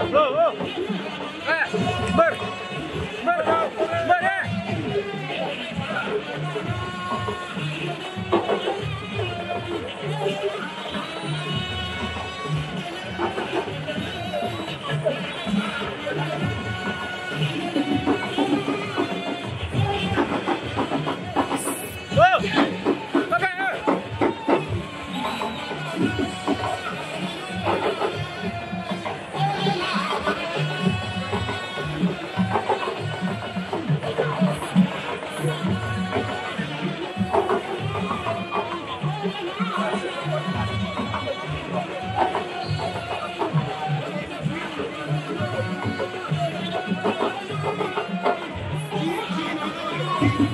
oh, oh.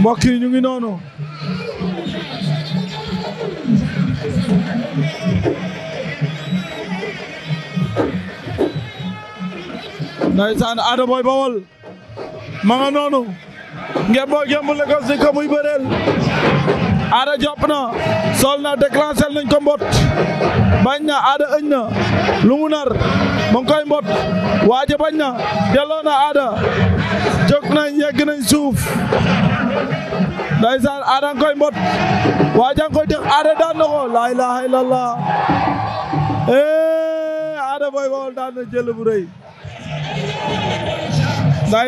mbokk yi ñu ngi noonu ndaysaan Ada Boy Bawol ma nga noonu ngeen boo gëmb Lagos di ko muy bëreel Ada jàpp na sol na déclenché nañ ko mbot bañ na Ada ëñ na lu mu nar mu mbot waaja bañ na delloo na Ada jóg nañ yegg nañ suuf ndeysaan Ada nga koy mbot waaja nga koy Ada daan na laa ilaaha illallah Ada Boy Baol daan na jël bu